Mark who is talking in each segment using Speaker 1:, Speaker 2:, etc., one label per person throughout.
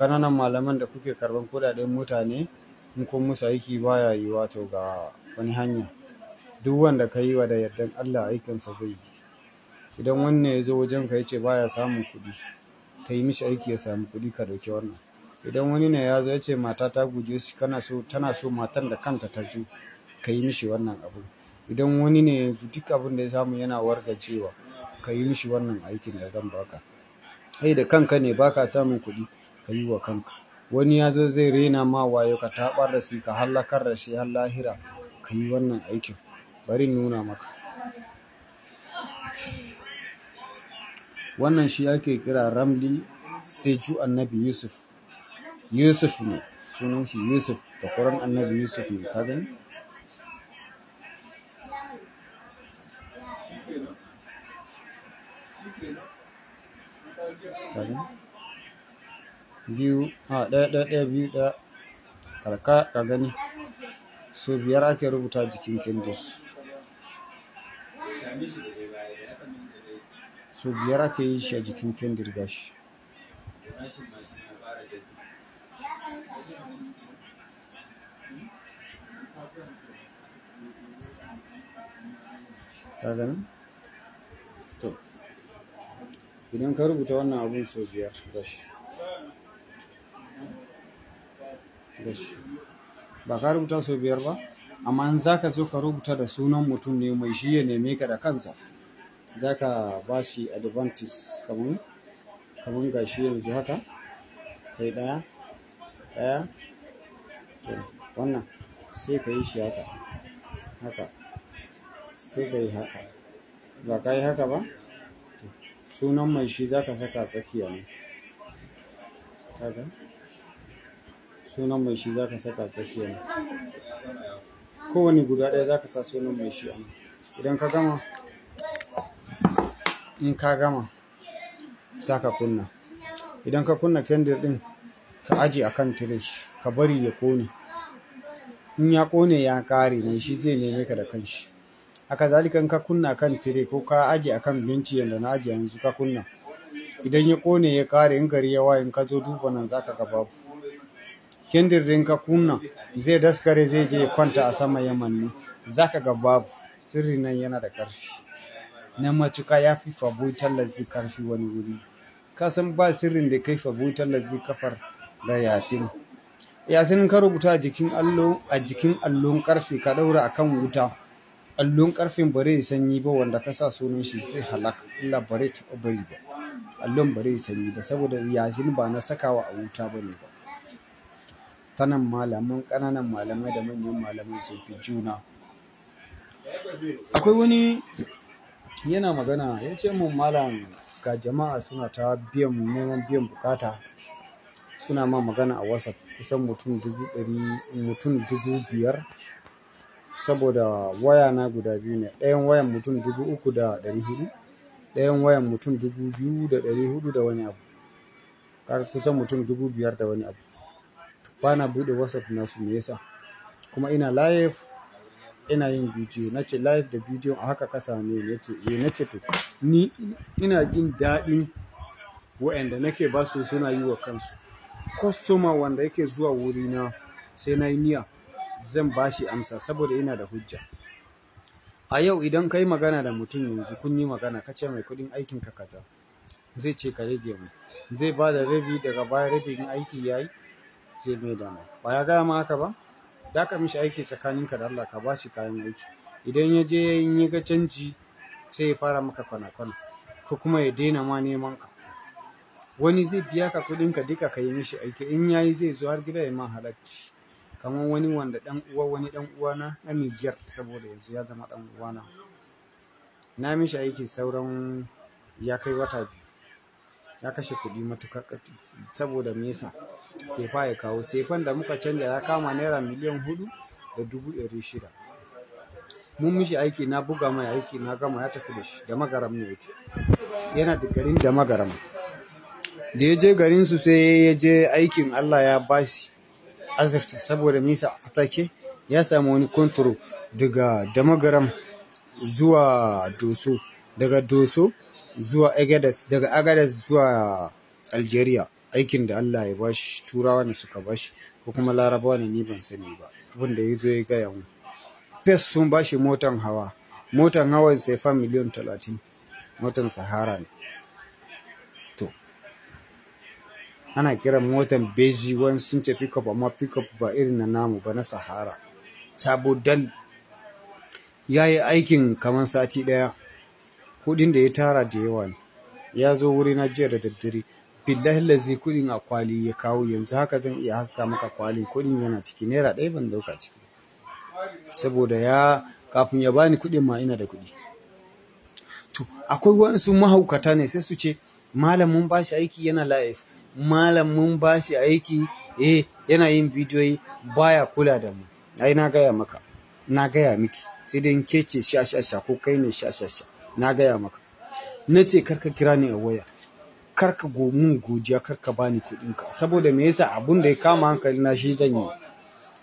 Speaker 1: Kananan malaman da kuke karban kuɗaɗen mutane in kun musu aiki baya yi wato ga wani hanya duk wanda ka yi wa da yardan Allah aikinsa zai yi idan wannan ya zo wajen ka yace baya samun kuɗi ka yi mishi aiki ya samu kuɗi ka ɗauki wannan idan wani ne ya zo yace mata ta guje shi kana so tana so matan da kanta ta ji ka yi mishi wannan abu idan wani ne yanzu duk abin da ya samu yana wargacewa ka yi mishi wannan aikin da zan baka kai da kanka ne baka samun kuɗi ka yi wa kanka wani ya zo zai rena ma wayo ka taɓar da shi ka hallakar da shi har lahira ka yi wannan aikin bari nuna maka wannan shi ake kira ramli seju annabi yusuf yusuf ne sunan shi yusuf da kuran annabi yusuf ne ka gani Thank you. biyu a ɗaya ɗaya ɗaya biyu ɗaya karka ka gani so biyar ake rubuta jikin kendir so biyar ake yi shi a jikin kendir gashi ka gani to idan ka rubuta wannan abun so biyar gashi da shi ba ka rubuta sau biyar ba amma in za ka zo ka rubuta da sunan mutum ne mai shi ya neme ka da kansa za ka ba shi advantage kamun kamar ga shi yanzu haka kai ɗaya ɗaya to wannan sai ka yi shi haka haka sai ka yi haka ba ka yi haka ba sunan mai shi za ka saka tsakiya ne haka sunan mai shi za ka saka tsakiya kowane guda ɗaya za ka sa sunan mai shi idan ka gama in ka gama za ka kunna idan ka kunna kendir ɗin ka aji a kan tire ka bari ya kone in ya kone ya kare mai shi zai neme ka da kanshi haka zalika in ka kunna kan tire ko ka aji a kan binci yadda na aji yanzu ka kunna idan ya kone ya kare in gari ya waye in ka zo duba nan za ka ga babu kendir ka kunna zai daskare zai je kwanta a sama Za ka ga babu sirri nan yana da ƙarfi na macika ya fi fabutar tallazi ƙarfi wani wuri ka san ba sirrin da kai fabutar tallazi kafar da yasin yasin ka rubuta jikin allo a jikin allon ƙarfe ka daura akan wuta allon ƙarfen bare ya sanyi ba wanda ka sa sunan shi sai halaka illa bare taɓa bari ba allon bare ya sanyi ba saboda yasin ba na sakawa a wuta bane ba sanin malaman ƙananan malamai da manyan malamai sun fi juna akwai wani yana magana ya ce mun malam ga jama'a suna ta biyan neman biyan bukata suna ma magana a whatsapp kusan mutum dubu ɗari mutum dubu biyar saboda waya na guda biyu ne ɗayan wayan mutum dubu uku da ɗari hudu ɗayan wayan mutum dubu biyu da ɗari hudu da wani abu kusan mutum dubu biyar da wani abu Bana na buɗe whatsapp nasu me yasa kuma ina live ina yin bidiyo nace ce live da video a haka ka same ne yace eh na to ni ina jin daɗin wa'anda nake ba su suna yi wa kansu customer wanda yake zuwa wuri na, sai na yi niya zan bashi amsa saboda ina da hujja a yau idan ka yi magana da mutum yanzu kun yi magana ka ce mai kuɗin aikin ka kaza zai ce ka rage mai zai ba da rabi daga baya rabin aiki ya zai mai da mai ba ya gaya ma haka ba Za ka mishi aiki tsakaninka da Allah ka ba shi kayan aiki idan ya je in yi ga canji sai ya fara maka kwana-kwana ko kuma ya daina ma neman ka wani zai biya ka kuɗin ka duka ka yi mishi aiki in ya yi zai zo har gida ya ma halarci kamar wani wanda dan uwa wani dan uwa na na Niger saboda yanzu ya zama ɗan uwa na na mishi aiki sauran ya kai wata biyu ya kashe kuɗi matuƙa saboda mesa sefa ya kawo sefan da muka canja ya kama naira miliyan hudu da dubu ɗari shida mun mishi aiki na buga mai aiki na gama ya tafi da shi da magaram ne yake yana da garin da magaram da ya je garin su sai ya je aikin Allah ya bashi azurta saboda misa take ya samu wani kontoro daga magaram zuwa doso daga doso zuwa Agadez daga Agadez zuwa Algeria aikin da Allah ya bashi turawa ne suka bashi ko kuma larabawa ne ni ban sani ba abin da ya zo ya gaya mu Fes sun bashi motan hawa motan hawa sai fa miliyan talatin motan sahara ne to ana kiran motan beji wani sun ce pickup amma pickup ba irin na namu ba na sahara sabo dal ya yi aikin kamar sati ɗaya kuɗin da ya tara da yawa ne ya zo wuri na jiya da daddare billahi lazi kuɗin a kwali ya kawo yanzu haka zan iya haska maka kwalin kuɗin yana ciki naira ɗaya ban dauka ciki saboda ya kafin ya bani kuɗin ma ina da kuɗi to akwai wasu mahaukata ne sai su ce malamin bashi aiki yana live malamin bashi aiki eh yana yin bidiyoyi baya kula da mu ai na gaya maka na gaya miki sai dai in kece shashasha ko kai ne shashasha na gaya maka na ce karka kira ni a waya karka gomin gojiya karka bani kuɗinka saboda me yasa abun da ya kama hankali na shi zan yi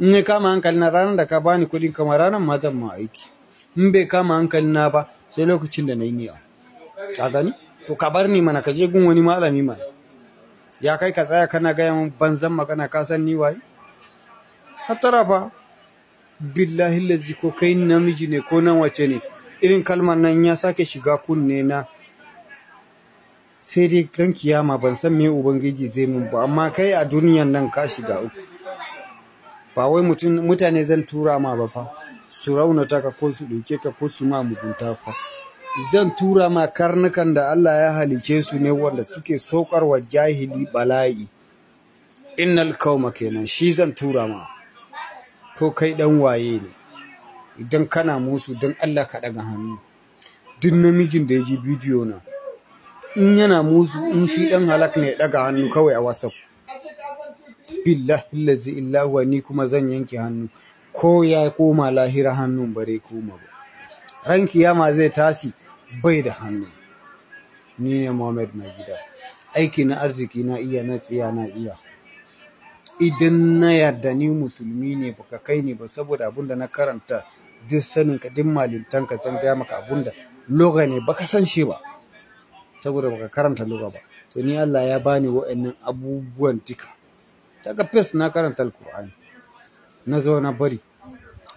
Speaker 1: in ya kama hankali na ranar da ka bani kuɗin ma ranar ma zan ma aiki in bai kama hankali na ba sai lokacin da na yi niyya ka gani to ka bar ni mana ka je gun wani malami mana ya kai ka tsaya kana gaya min banzan magana ka san ni waye hatta fa billahi lazi ko kai namiji ne ko nan wace ne irin kalmar nan ya sake shiga kunne na sai dai kan kiyama ban san me ubangiji zai min ba amma kai a duniyan nan ka shiga uku ba wai mutane zan tura ma ba fa su raunata ka ko su ɗauke ka ko su ma mugunta fa zan tura ma karnukan da Allah ya halice su ne wanda suke wa jahili bala'i innal kauma kenan shi zan tura ma ko kai dan waye ne idan kana musu don Allah ka daga hannu duk namijin da ya ji bidiyo na in yana musu in shi dan halak ne daga hannu kawai a whatsapp billahi lazi illahu ni kuma zan yanke hannu ko ya koma lahira hannun bare koma ba ran kiyama zai tasi bai da hannu ni ne Muhammad mai gida aiki na arziki na iya na tsiya na iya idan na yarda ni musulmi ne baka kai ne ba saboda abin da na karanta duk sanin ka duk malintan ka can gaya maka abun da loga ne baka san shi ba saboda baka karanta loga ba to ni Allah ya bani wa'annan abubuwan duka daga fes na karanta alqur'ani na zo na bari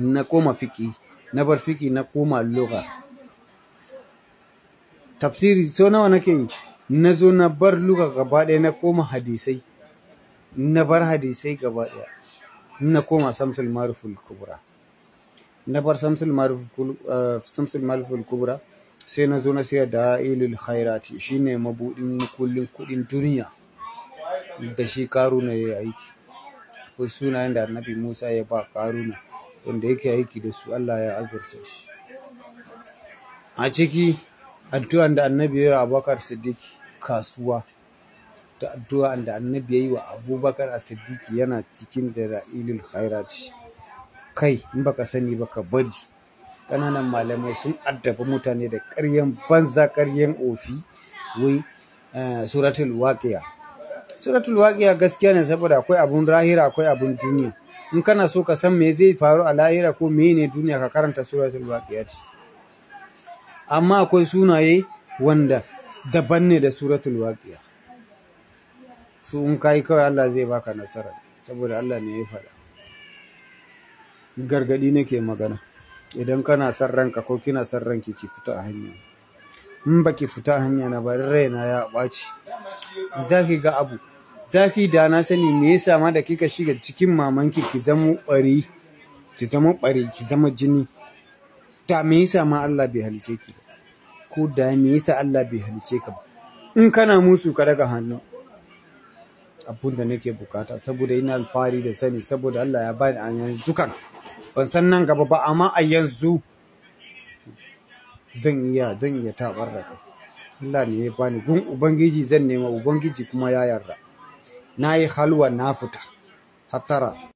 Speaker 1: na koma fiki na bar fiki na koma loga tafsiri so nawa nake yi na zo na bar loga gaba ɗaya na koma hadisai na bar hadisai gaba ɗaya na koma samsul maruful kubra na bar samsul kubra sai na zo na sayar da ilul khairati shine mabuɗin kullin kudin duniya da shi karuna ya yi aiki akwai sunayen da annabi musa ya ba karuna wanda yake aiki da su allah ya azurta shi a ciki addu'an da annabi ya yi wa abubakar kasuwa ta addu'an da annabi ya yi wa abubakar siddiq yana cikin da ra'ilul khairati kai in baka sani ba ka bari ƙananan malamai sun addabi mutane da ƙaryen banza ƙaryen ofi wai eh, suratul waqiya suratul waqiya gaskiya ne saboda akwai abun rahira akwai abun duniya in kana so ka san me zai faru a lahira ko me ne duniya ka karanta suratul waqiya ce amma akwai sunaye wanda daban ne da suratul waqiya su in kai kawai Allah zai baka nasara saboda Allah ne ya faɗa gargadi nake magana idan kana son ranka ko kina son ranki ki fita a hanya in baki fita a hanya na bari raina ya ɓaci zafi ga abu zafi da na sani me yasa ma da kika shiga cikin mamanki ki zama ɓari ki zama ɓari ki zama jini da me yasa ma Allah bai halice ki ko da me yasa Allah bai halice ka in kana musu ka daga hannu abun da nake bukata saboda ina alfahari da sani saboda Allah ya bani an yanzu ban san nan gaba ba amma a yanzu zan iya zan iya tabar da kai Allah ne ya bani gun ubangiji zan nema ubangiji kuma ya yarda nayi halwa na fita hatara